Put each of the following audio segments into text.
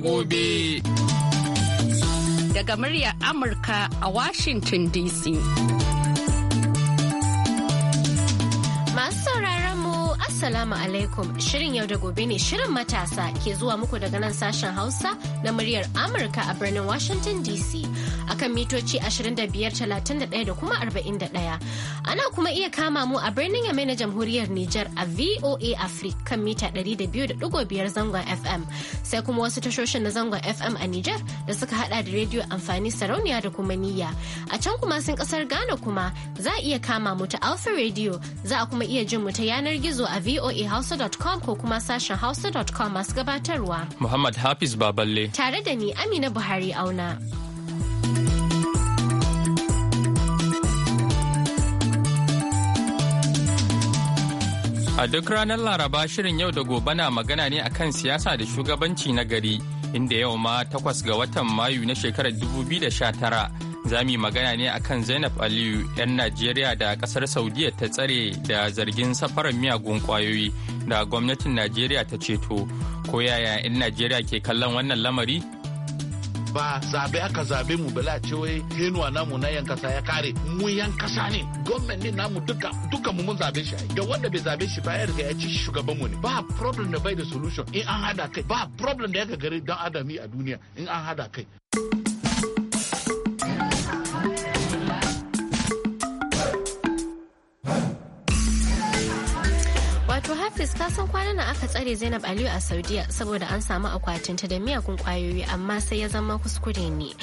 gobe. Daga muryar Amurka a Washington DC. Masu sauraron Assalamu alaikum Shirin yau da gobe ne Shirin matasa ke zuwa muku daga nan sashen Hausa na muryar Amurka a birnin Washington DC. akan mitoci 2531 da kuma 41. Ana kuma iya kama mu a birnin Yamai na Jamhuriyar Nijar a VOA Africa kan mita 200.5 zangon FM. Sai kuma wasu tashoshin na zangon FM a Nijar da suka hada da rediyo amfani sarauniya da kuma niyya. A can kuma sun kasar Ghana kuma za a iya kama mu ta Alpha Radio za a kuma iya jin mu ta yanar gizo a voahausa.com ko kuma sashen hausa.com masu gabatarwa. Muhammad Hafiz Baballe. Tare da ni Amina Buhari Auna. A duk ranar Laraba shirin yau da gobe na magana ne akan siyasa da shugabanci na gari inda yau ma takwas ga watan Mayu na shekarar 2019 za mu magana ne akan Zainab Aliyu 'yan Najeriya da kasar Saudiya ta tsare da zargin safarar miyagun kwayoyi da gwamnatin Najeriya ta ceto. Ko yaya 'yan Najeriya ke kallon wannan lamari? ba zabe aka zabe mu bala ce wai henuwa namu na yan kasa ya kare mu yan kasa ne gwamnati ne namu duka duka mu mun zabe shi da wanda bai zabe shi ba ya riga ya ci shugaban mu ne ba problem da bai da solution in an hada kai ba problem da ya ga gari dan adami a duniya in an hada kai Wato Hafiz ka san kwanan nan aka tsare Zainab Aliyu a Saudiya saboda an samu akwatinta da miyagun kwayoyi amma sai ya zama kuskure ne.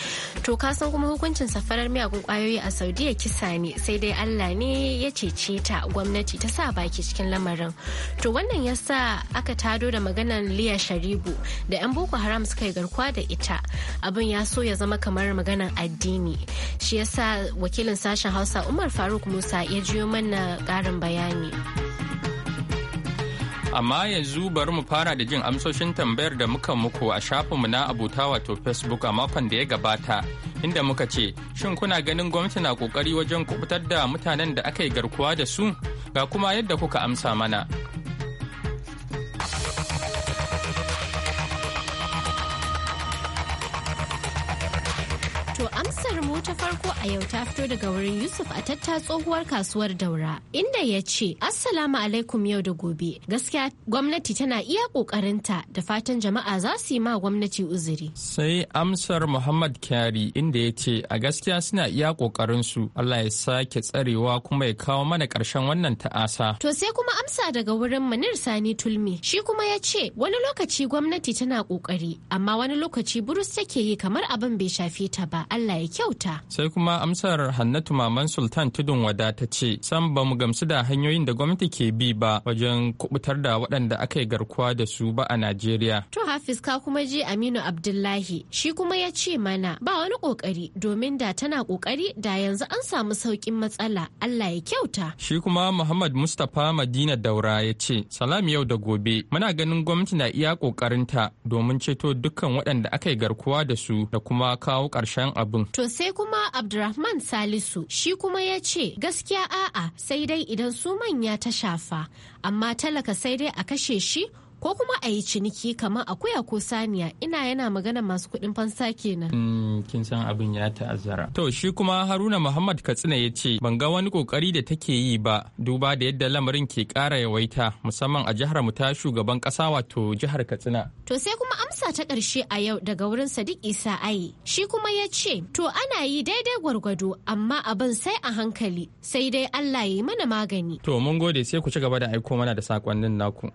To ka san kuma hukuncin safarar miyagun kwayoyi a Saudiya kisa ne sai dai Allah ne ya cece ta gwamnati ta sa baki cikin lamarin. To wannan ya sa aka tado da maganar Liya Sharibu da 'yan Boko Haram suka yi garkuwa da ita. Abin ya so ya zama kamar maganar addini. Shi yasa wakilin sashen Hausa Umar Faruk Musa ya jiyo mana ƙarin bayani. Amma yanzu bari mu fara da jin amsoshin tambayar da muka muku a shafinmu na abuta wato Facebook a makon da ya gabata, inda muka ce, shin kuna ganin gwamnati na kokari wajen kubutar da mutanen da aka yi garkuwa da su? Ga kuma yadda kuka amsa mana. To amsar mu ta farko a yau ta fito daga wurin Yusuf a tatta tsohuwar kasuwar daura inda ya ce Assalamu alaikum yau da gobe gaskiya gwamnati tana iya kokarinta da fatan jama'a za su yi ma gwamnati uzuri. Sai amsar Muhammad Kyari inda ya ce a gaskiya suna iya kokarin su Allah ya sake tsarewa kuma ya kawo mana karshen wannan ta'asa. To sai kuma amsa daga wurin Manir Sani Tulmi shi kuma ya ce wani lokaci gwamnati tana kokari amma wani lokaci burus take yi kamar abin bai shafe ta ba. Allah ya kyauta. Sai kuma amsar Hannatu Maman Sultan Tudun Wada ta ce, "Sam ba mu gamsu da hanyoyin da gwamnati ke bi ba wajen kubutar da waɗanda aka yi garkuwa da su ba a Najeriya." To Hafiz ka kuma ji Aminu Abdullahi, shi kuma ya ce mana ba wani ƙoƙari domin da tana ƙoƙari da yanzu an samu sauƙin matsala Allah ya kyauta. Shi kuma Muhammad Mustapha Madina Daura ya ce, "Salam yau da gobe, muna ganin gwamnati na iya ƙoƙarinta domin ceto dukkan waɗanda aka yi garkuwa da su da kuma kawo ƙarshen abin. To sai kuma Abdurrahman Salisu shi kuma ya ce gaskiya a'a sai dai idan su manya ta shafa amma talaka sai dai a kashe shi ko kuma a yi ciniki kamar akuya ko saniya ina yana magana masu kuɗin fansa kenan. Hmm, kin san abin ya ta'azzara. To shi kuma Haruna Muhammad Katsina ya ce ban ga wani kokari da take yi ba duba da yadda lamarin ke ƙara yawaita musamman a jihar mu ta shugaban ƙasa wato jihar Katsina. To sai kuma amsa ta ƙarshe a yau daga wurin Sadiq Isa Aye. Shi kuma ya ce to ana yi daidai gwargwado amma abin sai a hankali sai dai Allah ya yi mana magani. To mun gode sai ku ci gaba da aiko mana da sakonnin naku.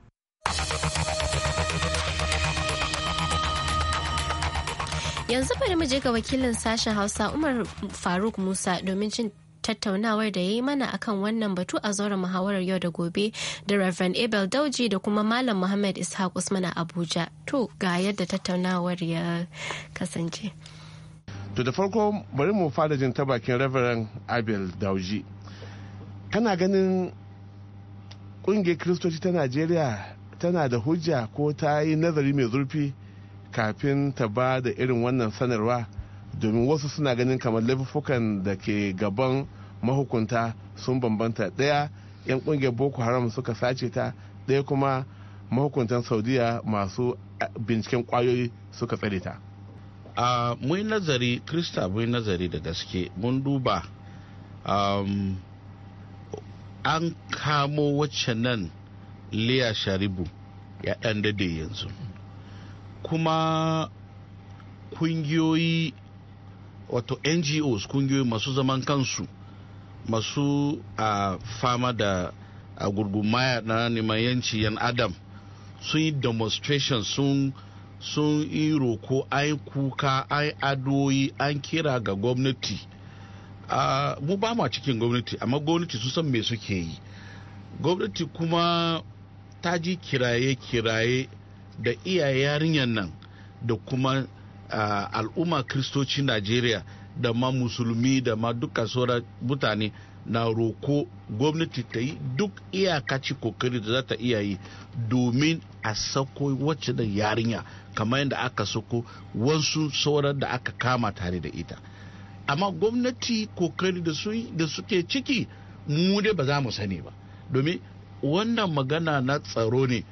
Yanzu bari mu je ga wakilin sashen Hausa Umar Faruk Musa domin cin tattaunawar da ya yi mana akan wannan batu a zauren muhawarar yau da gobe da Reverend Abel Dauji da kuma Malam Muhammad Ishaq Usman Abuja. To ga yadda tattaunawar ya kasance. To da farko bari mu fara jin ta bakin Reverend Abel Dauji. Kana ganin kungiyar Kiristoci ta Najeriya tana da hujja ko ta yi nazari mai zurfi kafin ta ba da irin wannan sanarwa domin wasu suna ganin kamar laifukan da ke gaban mahukunta sun bambanta ɗaya 'yan ƙungiyar boko haram suka sace ta ɗaya kuma mahukuntan saudiya masu binciken kwayoyi suka tsare ta a mun nazari krista mun nazari da gaske mun duba an kamo wacce nan liya sharibu ya ɗan dade yanzu kuma kungiyoyi wato ngos kungiyoyi masu zaman kansu masu a fama da a gurgumaya na neman yanci yan adam sun yi demonstration sun sun yi roko an kuka an adoyi an kira ga gwamnati mu ba a cikin gwamnati amma gwamnati sun san me suke yi gwamnati kuma ta ji kiraye-kiraye da iya yarinyar nan da kuma al'umma kristoci najeriya da ma musulmi da ma duka sauran mutane na roko gwamnati ta yi duk iyakaci kokari da za ta iya yi domin a sako wacce da yarinya kamar yadda aka sako wasu sauran da aka kama tare da ita amma gwamnati kokari da suke ciki mu dai ba za mu sani ba domin wannan magana na tsaro ne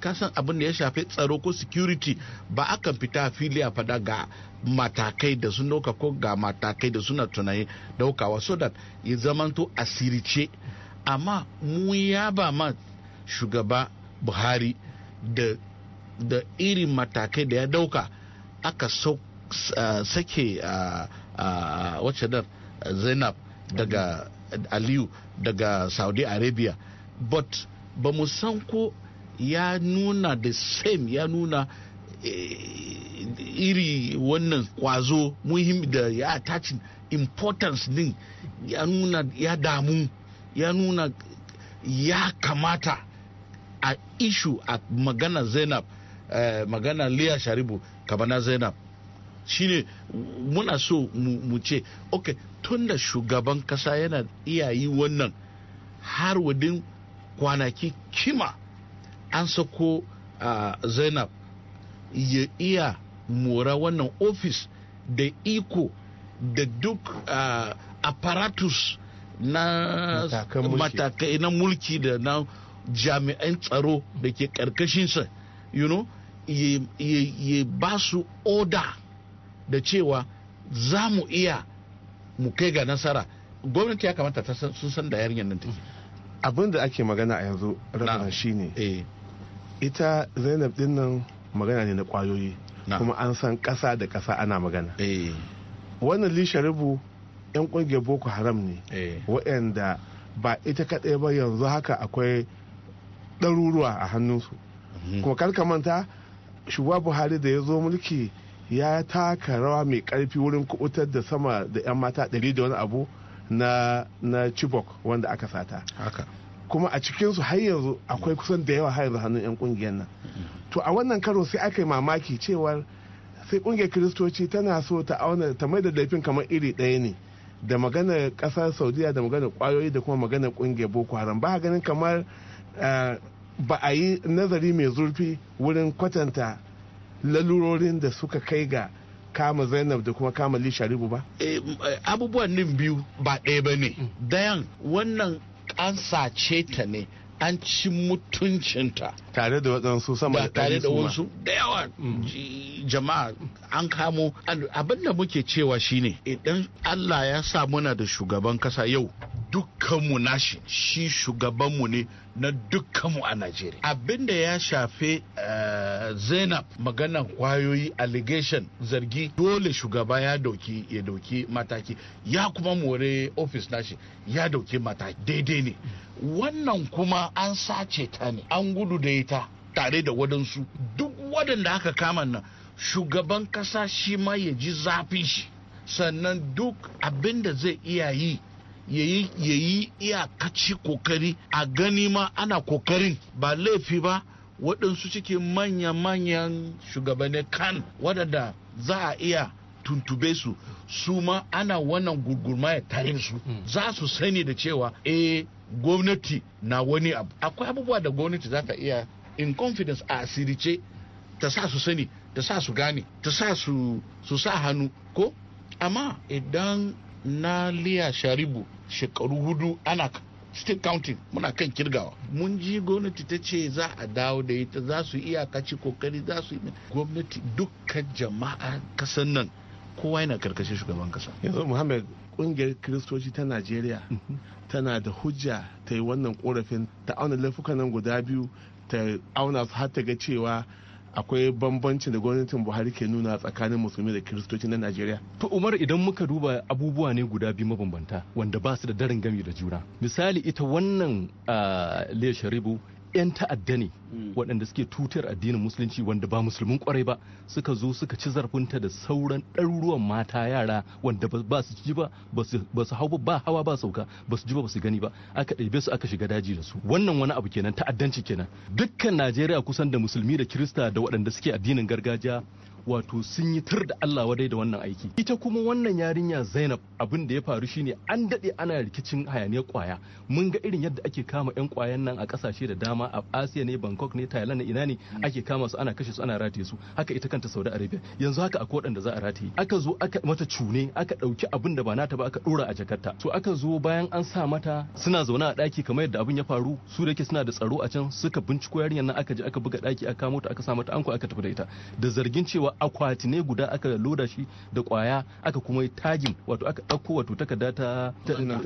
kasan abin da ya shafi tsaro ko security ba akan fita fili a fada ga matakai da sun dauka ko ga matakai da suna tunani daukawa so that ya zamanto asirice amma mu ya ba ma shugaba buhari da da irin matakai da ya dauka aka sake wacce zainab daga aliyu daga saudi arabia but ba mu san ko ya nuna the same ya nuna eh, iri wannan kwazo muhim da ya attach importance din ya nuna ya damu ya nuna ya kamata a ishu a magana zainab eh, magana liya sharibu kamana zainab shine muna so mu ce ok tunda shugaban kasa yana iya yi wannan har wadin kwanaki kima an sako a zainab ya iya mora wannan ofis da iko da duk apparatus na matakai na mulki da na jami'an tsaro da ke karkashinsa you know ya ba su oda da cewa za mu iya mu kai ga nasara gwamnati ya kamata ta sun san da yarinyar nan take abin da ake magana a yanzu ranar shine eh. ita zainab dinnan magana ne na kwayoyi kuma an san kasa da kasa ana magana eh. wannan rubu 'yan kungiyar boko haram ne eh. waɗanda ba ita kaɗai ba yanzu haka akwai ɗaruruwa a hannunsu mhm. kuma karka manta shugaba buhari da ya zo mulki ya taka rawa mai ƙarfi wurin kubutar da sama da 'yan mata ɗari da wani abu na na chibok wanda aka sata kuma a cikinsu har yanzu akwai kusan da yawa har yanzu hannun 'yan kungiyar nan mm-hmm. to a wannan karo sai aka yi mamaki cewar sai kungiyar kiristoci tana so ta auna ta mai da laifin kamar iri ɗaya ne da maganar ƙasar saudiya da maganar kwayoyi da kuma maganar kungiyar boko haram ba ganin kamar eh, ba a yi nazari mai zurfi wurin kwatanta lalurorin da suka kai ga kama zainab da kuma kama li sharibu ba eh, eh, abubuwan nin biyu ba ɗaya ba ne mm. dayan wannan kansa ce ta ne an ci mutuncinta tare da waɗansu sama da tare da wasu da yawa jama'a an kamo abin da muke cewa shine idan Allah ya sa muna da shugaban kasa yau dukkanmu nashi shi shugabanmu ne na dukkanmu a Najeriya. Abin da ya shafe eh, Zainab maganan kwayoyi allegation zargi dole shugaba ya dauki ya dauki mataki ya kuma more office nashi ya dauki mataki daidai ne. Wannan kuma an sace ta ne an gudu da ita tare da waɗansu duk waɗanda aka kama nan shugaban ƙasa shi ma ya ji zafin shi sannan duk abin da zai iya yi ya yi iyakaci kokari a gani ma ana kokarin ba laifi ba waɗansu cikin manya-manyan shugabannin kan waɗanda za a iya tuntube su su ma ana wannan gurgurma ya tare su mm. za su sani da cewa eh gwamnati na wani abu akwai abubuwa da gwamnati za ta iya in confidence a ce ta sa su sani ta sa su gane ta sa su sa hannu ko amma idan na liya sharibu shekaru hudu ana state counting muna kan kirgawa mun ji gwamnati ta ce za a dawo da ita za su kaci kokari za su yi gwamnati dukkan jama'a kasan nan kowa yana karkashin shugaban kasa yanzu muhammad kungiyar kiristoci ta najeriya mm-hmm. tana da hujja ta yi wannan korafin ta auna laifukan nan guda biyu ta auna su har ta ga cewa akwai bambancin da gwamnatin buhari ke nuna tsakanin musulmi da kiristoci na najeriya to umar idan muka duba abubuwa ne guda biyu mabambanta wanda ba su da darin gami da juna misali ita wannan uh, sharibu 'yan ta'adda ne hmm. waɗanda suke tutar addinin musulunci wanda ba musulmin kwarai ba suka zo suka ci zarafinta da sauran ɗaruruwan mata yara wanda ba su ji ba ba su hau ba hawa ba sauka ba su ji ba ba su gani ba aka ɗebe su aka shiga daji da su wannan wani abu kenan ta'addanci kenan dukkan najeriya kusan da musulmi da kirista da waɗanda suke addinin gargajiya wato sun yi tur da Allah wadai da wannan aiki ita kuma wannan yarinya Zainab abin da ya faru shine an dade ana rikicin hayaniyar kwaya mun ga irin yadda ake kama yan kwayan nan a kasashe da dama a Asia ne Bangkok ne Thailand ne ina ne mm. ake kama su ana kashe su ana rataye su haka ita kanta Saudi Arabia yanzu haka akwai wadanda za a rataye aka zo aka mata cune aka ɗauki abin da ba nata ba aka dora a jakarta to aka zo bayan an sa mata suna zaune a daki kamar yadda abin ya faru su da ke suna da tsaro a can suka binciko yarinyar nan aka je aka buga daki aka kamo ta aka sa mata anko aka tafi da ita da zargin cewa akwati ne guda aka loda shi da kwaya aka kuma yi tagin wato aka ɗauko wato takarda ta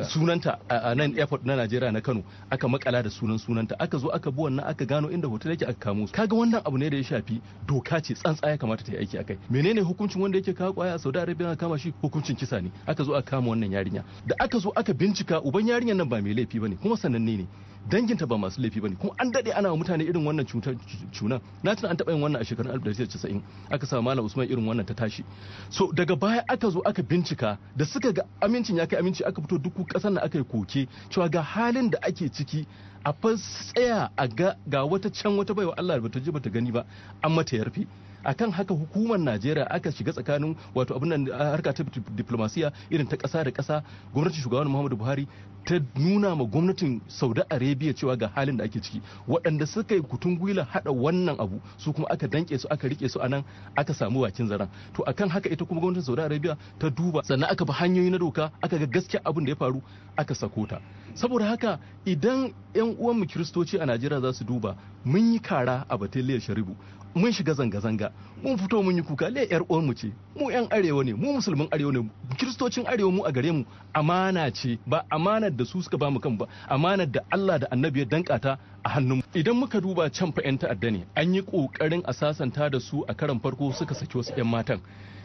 sunanta a nan airport na Najeriya na Kano aka makala da sunan sunanta aka zo aka bi wannan aka gano inda hotel yake aka kamo su kaga wannan abu ne da ya shafi doka ce tsantsa ya kamata ta yi aiki akai menene hukuncin wanda yake kawo kwaya a Saudi Arabia aka kama shi hukuncin kisa ne aka zo aka kama wannan yarinya da aka zo aka bincika uban yarinyar nan ba mai laifi bane kuma sananne ne danginta ba masu laifi bane kuma an dade ana wa mutane irin wannan cutar cuna na tuna an taba yin wannan a shekarun 1990 aka samu malam Usman irin wannan ta tashi so daga baya aka zo aka bincika da suka ga amincin ya kai aminci aka fito duk kasar na aka yi koke cewa ga halin da ake ciki a fa tsaya a ga wata can wata baiwa Allah bata ji bata gani ba an mata yarfe akan haka hukumar najeriya aka shiga tsakanin wato abin harka ta diplomasiya irin ta ƙasa da ƙasa gwamnatin shugaban muhammadu buhari ta nuna ma gwamnatin saudi arabia cewa ga halin da ake ciki waɗanda suka yi kutun gwila haɗa wannan abu su kuma aka danke su aka rike su a nan aka samu bakin zaren to akan haka ita kuma gwamnatin saudi arabia ta duba sannan aka bi hanyoyi na doka aka ga gaskiya abin da ya faru aka sako ta saboda haka idan 'yan uwanmu kiristoci a najeriya za su duba mun yi kara a batun liyar sharibu mun shiga zanga-zanga mun fito mun yi kuka liyar yar uwanmu ce mu 'yan arewa ne mu musulmin arewa ne kiristocin arewa mu a gare mu amana ce ba amanar da su suka ba mu kan ba amanar da allah da annabi ya dankata a hannun idan muka duba can fa 'yan ta'adda ne an yi kokarin a sasanta da su a karan farko suka saki wasu 'yan matan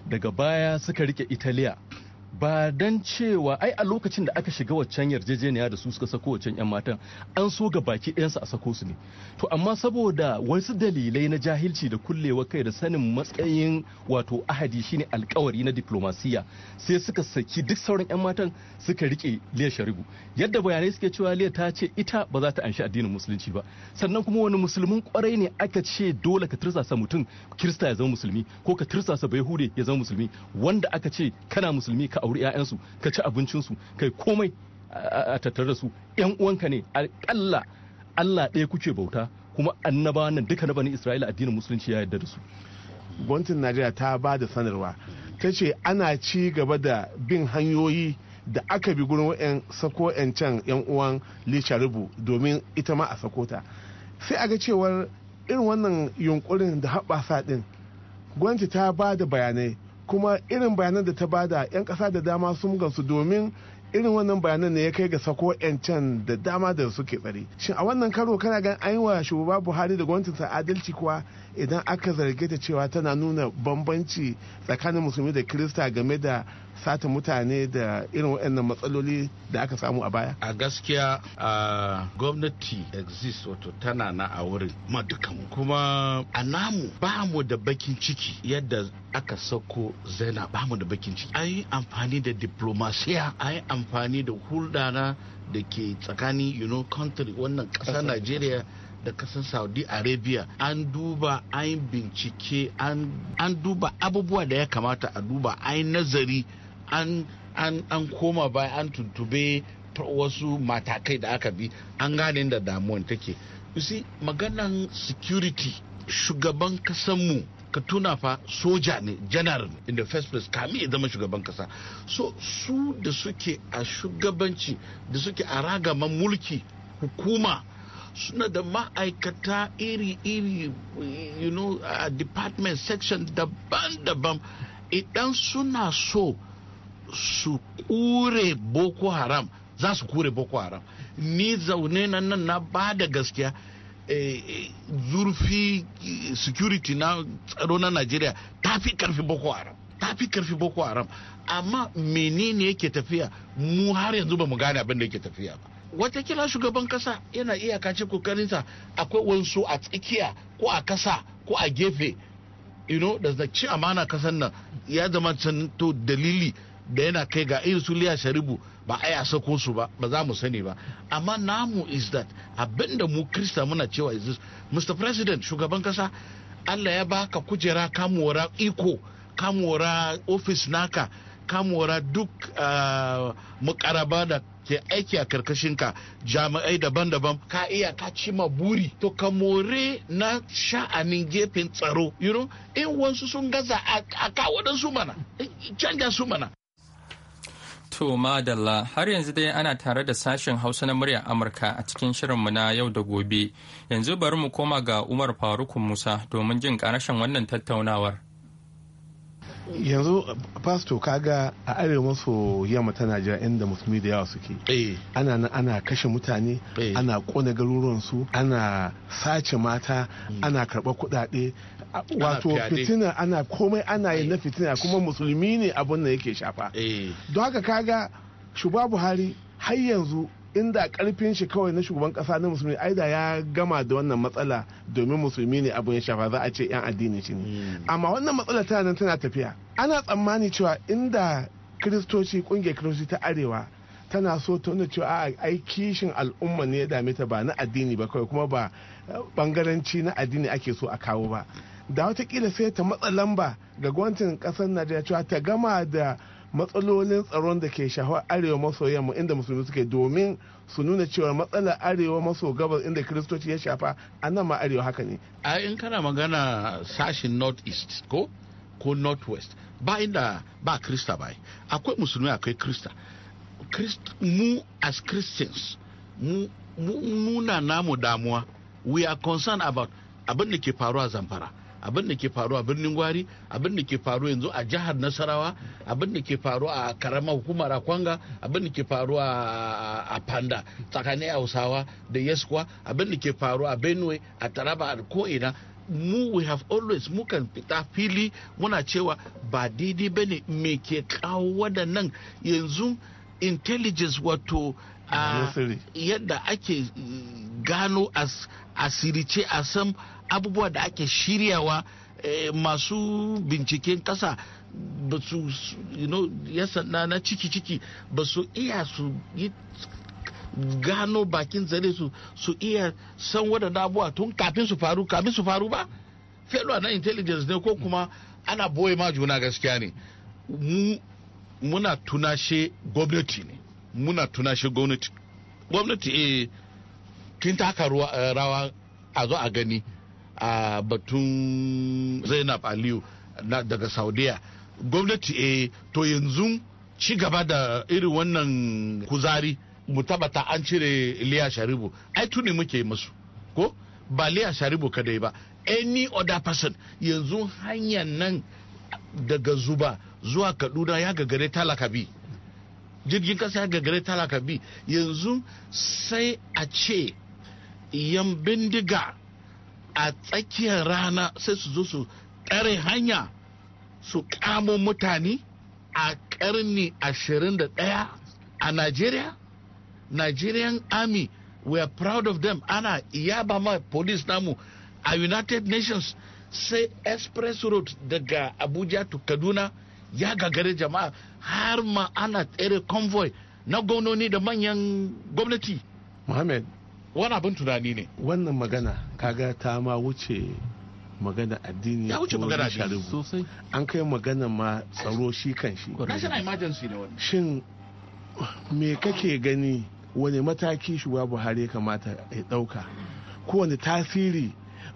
daga baya suka rike italiya ba don cewa ai a lokacin da aka shiga waccan yarjejeniya da su suka sako waccan 'yan matan an so ga baki ɗayansu a sako su ne to amma saboda wasu dalilai na jahilci da kullewa kai da sanin matsayin wato ahadi shine alkawari na diplomasiya sai suka saki duk sauran 'yan matan suka rike liya sharibu yadda bayanai suke cewa liya ta ce ita ba za ta anshi addinin musulunci ba sannan kuma wani musulmin kwarai ne aka ce dole ka tirsasa mutum kirista ya zama musulmi ko ka tirsasa bai ya zama musulmi wanda aka ce kana musulmi ka auri 'ya'yansu ka ci abincinsu kai komai a tattare da su 'yan uwanka ne alƙalla allah ɗaya kuke bauta kuma annaba nan duka na bani isra'ila addinin musulunci ya yarda da su gwamnatin najeriya ta ba da sanarwa ta ce ana ci gaba da bin hanyoyi da aka bi gurin wa'yan sako 'yan can 'yan uwan Lisha rubu domin ita ma a sako ta sai a ga cewar irin wannan yunkurin da haɓasa ɗin gwamnati ta ba da bayanai kuma irin bayanan da ta bada 'yan ƙasa da dama sun gansu domin irin wannan bayanan ne ya kai ga sako 'yancan da dama da suke tsare shin a wannan karo kana gan an yi wa shugaba buhari da Gwamnatin adalci kuwa idan aka zarge ta cewa tana nuna bambanci tsakanin musulmi da kirista game da sata mutane da irin waɗannan matsaloli da aka samu a baya a gaskiya a gwamnati exist wato tana na a wurin madukan kuma a namu ba mu da bakin ciki yadda aka sako zainab ba mu da bakin ciki an yi amfani da diplomasiya an yi amfani da hulɗana da ke tsakanin you know country wannan ƙasar nigeria da ƙasar Saudi Arabia an duba an bincike an duba abubuwa da ya kamata a duba an nazari an koma baya an tuntube wasu matakai da aka bi an gane da damuwan take. You see maganan security shugaban kasanmu ka tuna fa soja ne general in the first place kami ya zama shugaban kasa so su da suke a shugabanci da suke a ragaman mulki hukuma suna da ma'aikata iri-iri you know a department section daban-daban idan suna so su kure boko haram za su kure boko haram ni zaune nan nan na ba da gaskiya Eh, eh, zurfi eh, security na tsaro na najeriya ta fi karfi boko haram ta fi karfi boko haram amma menene yake tafiya mu har yanzu ba mu gane abin da yake tafiya ba watakila shugaban kasa yana iya iyakacin kokarinsa akwai wansu a tsakiya ko a kasa ko a gefe you know da ci amana kasan nan ya zama to dalili da yana kai ga irin su liya sharibu ba a yasa sako su ba ba za mu sani ba amma namu is that abinda mu krista muna cewa is this mr president shugaban kasa allah ya baka kujera kamuwara iko kamuwara ofis naka kamuwara duk uh, ah, mukaraba da ke aiki a ka jami'ai daban-daban ka iya ka ci ma buri to ka more na sha'anin gefen tsaro you know in wasu sun gaza a kawo su mana canja su mana To madalla har yanzu dai ana tare da sashen hausa na muryar Amurka a cikin shirinmu na yau da gobe. Yanzu bari mu koma ga Umar faruk Musa domin jin karashen wannan tattaunawar. Eh. yanzu pasto kaga a arewa maso yamma ta najeriya inda musulmi da yawa suke eh. ana nan ana kashe mutane eh. ana kona garuruwansu ana sace mata hmm. ana karɓar kuɗaɗe wato fitina ana komai ana yi na fitina kuma musulmi ne abin da yake shafa don haka kaga Shuba buhari har yanzu inda karfin shi kawai na shugaban kasa na musulmi ai da ya gama da wannan matsala domin musulmi ne abu ya shafa za a ce yan addini shi ne hmm. amma wannan matsala tana nan tana tafiya ana tsammani cewa inda kiristoci kungiyar kiristoci ta arewa tana so ta nuna cewa ai kishin al'umma ne ya dame ta ba na addini ba kawai kuma ba eh, bangaranci na addini ake so a kawo ba da watakila sai ta matsa lamba ga gwamnatin kasar najeriya cewa ta gama da matsalolin tsaron da ke shahawar arewa maso yamma inda musulmi suke domin su nuna cewa matsala arewa maso gabas inda kiristoci ya shafa a nan ma arewa haka ne a in kana magana sashin north east ko ko north west ba inda ba krista ba akwai musulmi akwai krista mu as christians mu nuna namu damuwa we are concerned about abin da ke faruwa zamfara abin da ke a birnin gwari abin da ke faruwa yanzu a jihar nasarawa abin da ke faruwa a karamar hukumar akwanga abin da ke faruwa a panda tsakanin hausawa da yeskwa abin da ke faruwa a benue a taraba a ko'ina mu we have always mu kan fita fili muna cewa ba daidai bane me ke kawo waɗannan yanzu intelligence wato yadda ake gano asirice a san abubuwa da ake shiryawa eh, masu binciken kasa ba su na ciki-ciki ba su iya su yi gano bakin zare su su iya san waɗanda abubuwa tun kafin su faru kafin su faru ba failure na intelligence ne ko kuma ana boye ma juna gaskiya ne mu muna tunashe gwamnati ne muna tunashe gwamnati gwamnati eh kin taka eh, rawa a zo a gani a batun zainab aliyu daga saudiya gwamnati e to yanzu ci gaba da irin wannan kuzari mu tabbata an cire liya sharibu ai tuni muke musu ko ba liya sharibu kadai ba any other person yanzu hanyar nan daga zuba zuwa kaduna ya gagare talaka bi jirgin kasa ya gagare talaka bi yanzu sai a ce yan bindiga a tsakiyar rana sai su zo su tsare hanya su kamo mutane a karni 21 a Najeriya? Nigerian army we are proud of them ana ba ma police namu a United Nations sai express road daga Abuja to Kaduna ya gagare jama'a har ma ana tsere convoy na gwamnoni da manyan gwamnati. Mohammed wani abin tunani ne wannan magana kaga ta ma wuce magana addini ya wuce magana addini sosai an kai magana ma tsaro shi kan shi shin me kake gani wani mataki shugaba buhari ya kamata ya dauka ko wani tasiri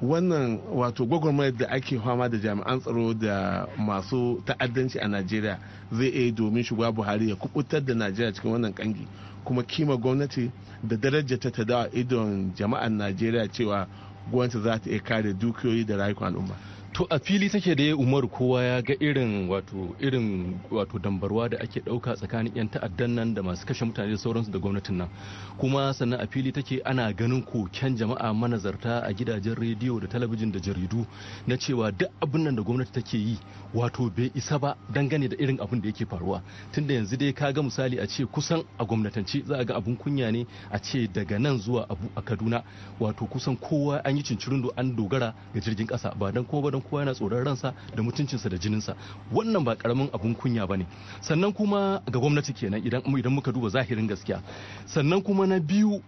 wannan wato gwagwarmayar da ake fama da jami'an tsaro da masu ta'addanci a najeriya zai iya domin shugaba buhari ya kubutar da najeriya cikin wannan kangi kuma kima gwamnati da darajata ta da idon jama'ar najeriya cewa gwamnati za ta iya kare dukiyoyi da rayukan al'umma to a fili take da umar kowa ya ga irin wato irin wato dambarwa da ake dauka tsakanin yan ta'addan nan da masu kashe mutane da sauransu da gwamnatin nan kuma sannan a fili take ana ganin koken jama'a manazarta a gidajen rediyo da talabijin da jaridu na cewa duk abin nan da gwamnati take yi wato bai isa ba dangane da irin abin da yake faruwa tunda yanzu dai ka ga misali a ce kusan a gwamnatance za a ga abun kunya ne a ce daga nan zuwa abu a kaduna wato kusan kowa an yi cincirindo an dogara ga jirgin kasa ba dan kowa ba dan kowa yana tsoron ransa da mutuncinsa da jininsa wannan ba karamin abun kunya bane sannan kuma ga gwamnati kenan idan idan muka duba zahirin gaskiya sannan kuma na biyu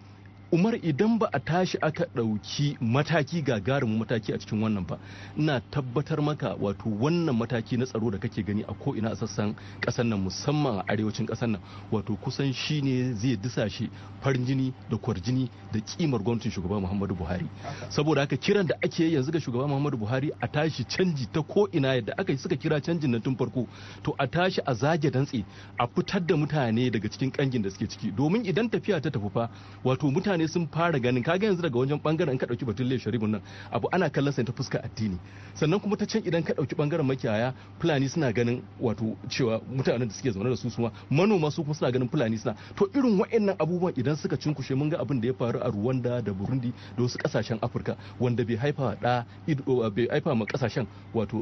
umar idan ba a tashi aka ɗauki mataki gagarumin mataki a cikin wannan ba ina tabbatar maka wato wannan mataki na tsaro da kake gani a ko'ina a sassan ƙasar nan musamman a arewacin ƙasar nan wato kusan shi ne zai disashe farin jini da kwarjini da kimar gwamnatin shugaba muhammadu buhari saboda haka kiran da ake yanzu ga shugaba muhammadu buhari a tashi canji ta ko'ina yadda aka suka kira canjin nan tun farko to a tashi a zage dantse a fitar da mutane daga cikin kangin da suke ciki domin idan tafiya ta tafi fa wato mutane mutane sun fara ganin kaga yanzu daga wajen bangaren ka dauki batun sharifin nan abu ana kallon sa ta fuska addini sannan kuma ta can idan ka dauki bangaren makiyaya fulani suna ganin wato cewa mutanen da suke zaune da su suma manoma su kuma suna ganin fulani suna to irin waɗannan abubuwan idan suka cinkushe mun ga abin da ya faru a Rwanda da Burundi da wasu kasashen Afirka wanda bai haifa da bai haifa ma kasashen wato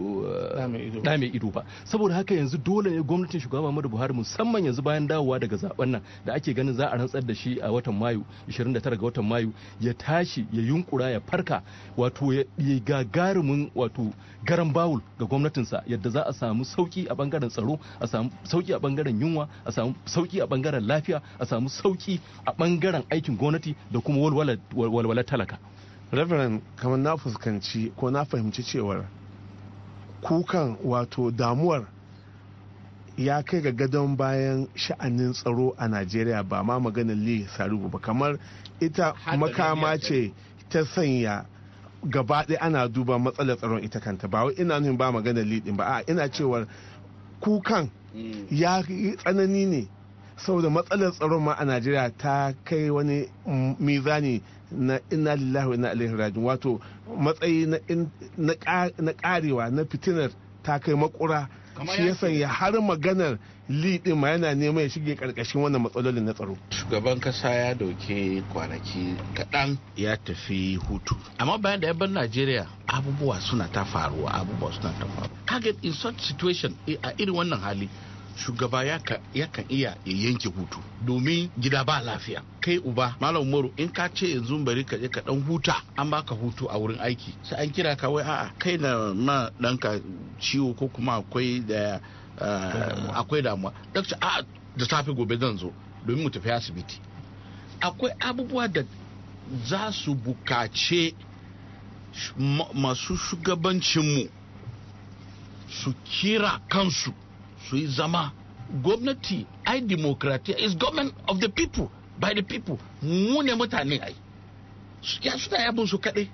da eh, mai ido ba saboda haka yanzu dole ne gwamnatin shugaba Muhammadu Buhari musamman yanzu bayan dawowa daga zaben nan da ake ganin za a rantsar da shi a watan Mayu 29 tara ga watan mayu ya tashi ya yunkura ya farka wato ya gagarumin wato garan bawul ga gwamnatinsa yadda za a samu sauki a bangaren tsaro a samu sauki a bangaren yunwa a samu sauki a bangaren lafiya a samu sauki a bangaren aikin gwamnati da kuma walwalar talaka reverend kamar na fuskanci ko na fahimci cewar kukan wato damuwar ya kai ga gadon bayan sha'anin tsaro a najeriya ba ma maganar lee saribu ba kamar ita makama ce ta sanya gaba ɗaya ana duba matsalar tsaron ita kanta ba wai ina nuhin ba magana liɗin ba a ina cewar kukan mm. ya tsanani ne saboda matsalar tsaron ma a najeriya ta kai wani mizani na ina lillahi wa alaihi wato matsayi na karewa na fitinar ta kai makura shi ya sanya har maganar liɗin ma yana neman ya shige karkashin wannan matsalolin na tsaro shugaban kasa ya dauke kwanaki kaɗan ya tafi hutu amma bayan da ya bar najeriya abubuwa suna ta faruwa abubuwa suna ta faruwa kaga in such situation eh, a irin wannan hali shugaba yakan iya ya yanke hutu domin gida ba lafiya kai uba malam umaru in ka ce yanzu bari ka je ka dan huta an baka hutu a wurin aiki sai an kira ka wai a'a kai na ma danka ciwo ko kuma akwai da eh, akwai damuwa dakta a'a da safe gobe zan zo domin mu tafi asibiti akwai abubuwa da za su bukace masu shugabancin mu su kira kansu su yi zama gwamnati ai demokratiya is government of the people by the people mu ne mutane ai ya suna yabin su kaɗai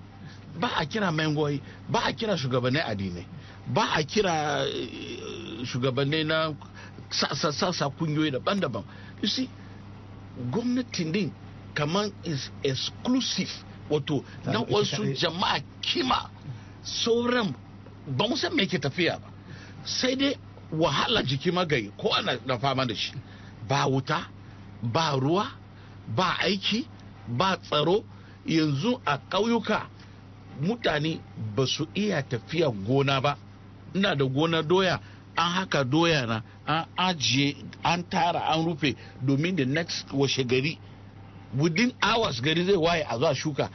ba a kira mengoyi ba a kira shugabannin adini ba a kira eh, shugabannin na sassa kungiyoyi daban-daban you see gwamnati din kamar is exclusive wato na wasu jama'a kima sauran ba mu san me ke tafiya ba sai dai wahala jiki magayi ko ana da fama da shi ba wuta ba ruwa ba aiki ba tsaro yanzu a ƙauyuka mutane ba su iya tafiya gona ba ina da gona doya an haka doya na an ajiye an tara an rufe domin da next washe gari within hours gari zai waye a zuwa shuka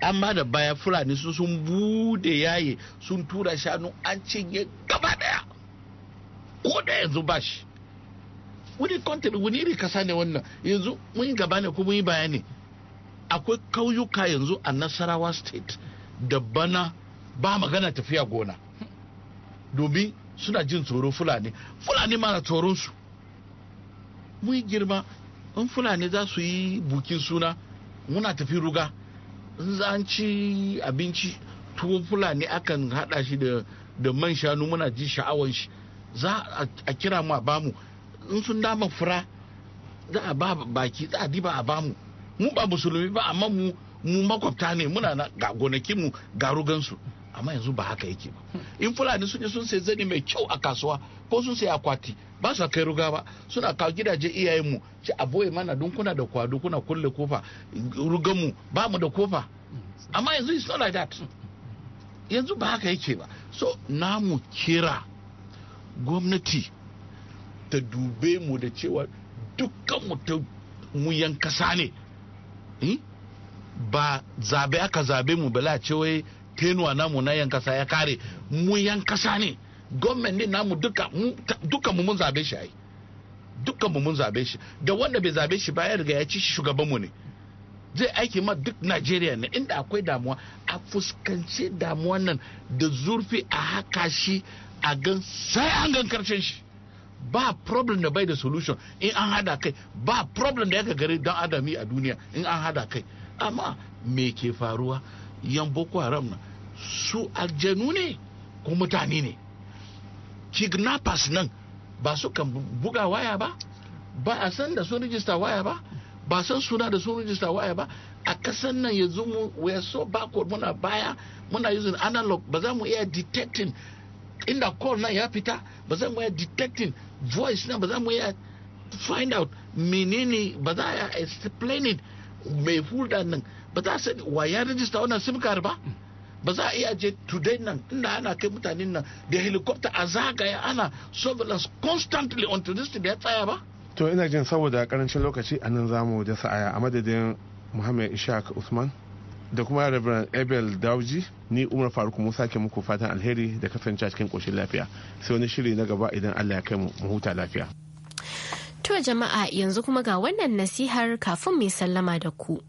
amma da baya fulani sun bude yaye sun tura shanu an cinye gaba daya ko da yanzu ba shi wani wani iri kasa ne wannan yanzu mun yi gaba ne ko mun yi bayani akwai kauyuka yanzu a nasarawa state da bana ba magana tafiya gona domin suna jin tsoro fulani fulani mana tsoron su mun yi girma in fulani za su yi bukin suna muna tafi ruga in za ci abinci tuwo fulani akan hada shi da man shanu muna ji sha'awar shi za a kira mu a bamu in sun dama fura za a ba baki za a diba a bamu mu ba musulmi ba amma mu mu makwabta ne muna ga gonakin mu ga rugansu amma yanzu ba haka yake ba in fulani sun je sun sai zani mai kyau a kasuwa ko sun sai akwati ba su kai ruga ba suna kawo gidaje iyayen mu ci a boye mana don kuna da kwado kuna kulle kofa rugan mu ba mu da kofa amma yanzu is not like that yanzu ba haka yake ba so namu kira gwamnati ta dube mu da cewa dukkan mu mu yan kasa ne hmm? ba zabe aka zabe mu bala ce wai tenuwa namu na yan kasa ya kare mu yan kasa ne Gwamnati ne namu duka mu mun zabe shi ai dukkan mu mun zabe shi da wanda bai zabe shi ba ya riga ya ci shi shugaban mu ne zai aiki ma duk najeriya ne inda akwai damuwa a fuskanci damuwan nan da zurfi a haka shi a gan sai an gan karshen shi ba problem da bai da solution in an hada kai ba problem da yaka gari don adami a duniya in an hada kai amma me ke faruwa yan boko haram na su aljanu ne ko mutane ne kidnappers nan ba su kan buga waya ba ba a san da sun rijista waya ba ba san suna da sun rijista waya ba a kasan nan yanzu mu we so backward muna baya muna using analog ba za mu iya detecting inda call na ya fita ba za mu ya detecting voice na ba za mu ya find out menene ba za a explain it mai hulda nan ba za a wa ya register wannan sim card ba ba za a iya je today nan inda ana kai mutanen nan da helicopter a zagaya ana surveillance constantly on to this ya tsaya ba to ina jin saboda karancin lokaci a nan zamu da sa'aya a madadin muhammad ishaq usman da kuma Reverend Abel Dauji ni Umar Faruk Musa ke muku fatan alheri da kasance cikin koshin lafiya sai wani shiri na gaba idan Allah ya kai mu mu huta lafiya. To jama'a yanzu kuma ga wannan nasihar kafin mu sallama da ku.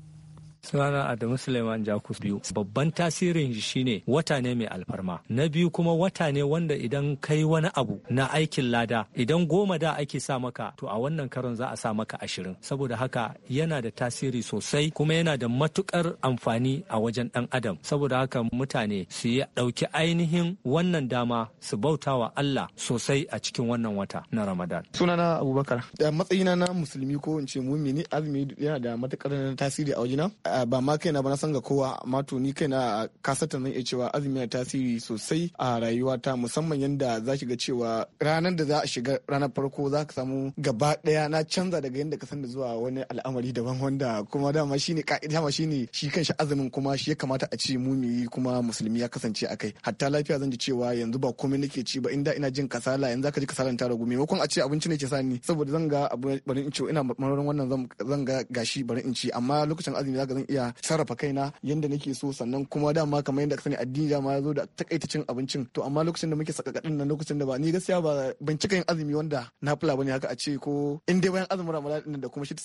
sunana Adamu Suleiman Jakus biyu babban tasirin shi ne wata ne mai alfarma na biyu kuma wata ne wanda idan kai wani abu na aikin lada idan goma da ake sa maka to a wannan karon za a sa maka ashirin saboda haka yana da tasiri sosai kuma yana da matukar amfani a wajen dan adam saboda haka mutane su yi dauki ainihin wannan dama su bauta wa Allah sosai a cikin wannan wata na Ramadan sunana Abubakar da matsayina na musulmi ko in ce mumini azumi yana da matukar tasiri a wajena ba ma kaina ba na san ga kowa amma to ni kaina kasata zan iya cewa azumi na tasiri sosai a rayuwata musamman yanda za ki ga cewa ranar da za a shiga ranar farko za ka samu gaba daya na canza daga yanda ka san da zuwa wani al'amari daban wanda kuma dama shine ka'ida ma shine shi kanshi azumin kuma shi ya kamata a ce mu kuma musulmi ya kasance a kai hatta lafiya zan ji cewa yanzu ba komai nake ci ba inda ina jin kasala yanzu ka ji kasalan ta ragu maimakon a ce abinci ne ke sa ni saboda zan ga abu bari in ci ina marmarin wannan zan ga gashi bari in ci amma lokacin azumi ka zan iya sarrafa kaina yadda nake so sannan kuma dama kamar yadda ka sani addini ma ya zo da takaita cin abincin to amma lokacin da muke sakakadin nan lokacin da ba ni gaskiya ba ban cika yin azumi wanda na fula bane haka a ce ko in dai bayan azumin ramadan din da kuma shi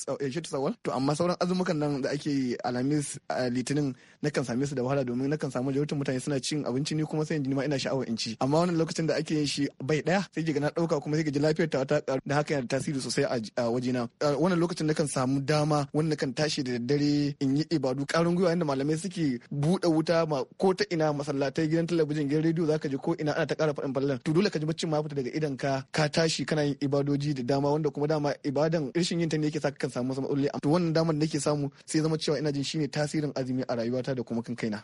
sawal eh, to amma sauran azumukan nan da ake alamis litinin na kan same su da wahala domin na kan samu jawatin mutane suna cin abinci ni kuma sai in ji ma ina sha'awar in ci amma wannan lokacin da ake yin shi bai daya sai ji na dauka kuma sai ji lafiyar ta ta da haka yana da tasiri sosai a wajena wannan lokacin kan samu dama wanda kan tashi da daddare in yi ibadu karin gwiwa yadda malamai suke buɗe wuta ma ko ta ina masallatai gidan talabijin gidan rediyo zaka ji ko ina ana ta ƙara faɗin fallan to dole ka ji baccin ma fita daga idan ka ka tashi kana yin ibadoji da dama wanda kuma dama ibadan rashin yin ta ne yake sa kan samu matsaloli to wannan damar da nake samu sai zama cewa ina jin shine tasirin azumi a rayuwata da kuma kan kaina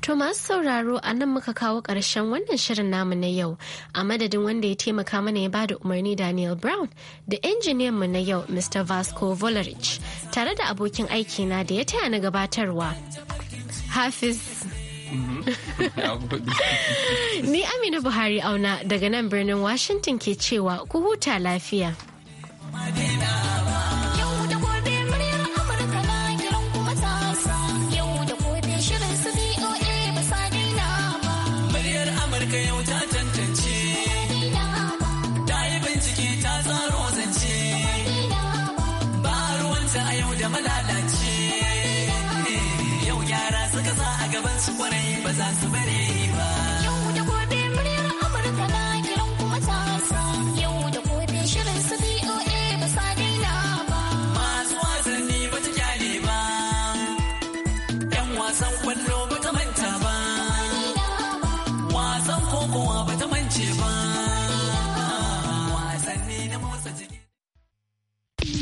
To masu sauraro a nan muka kawo karshen wannan shirin namu na yau a madadin wanda ya taimaka mana ya bada umarni Daniel Brown da injiniyan mu na yau Mr. Vasco Volerich tare da abokin aiki na da ya ita taya na gabatarwa hafiz ni amina buhari auna daga nan birnin washington ke cewa ku huta lafiya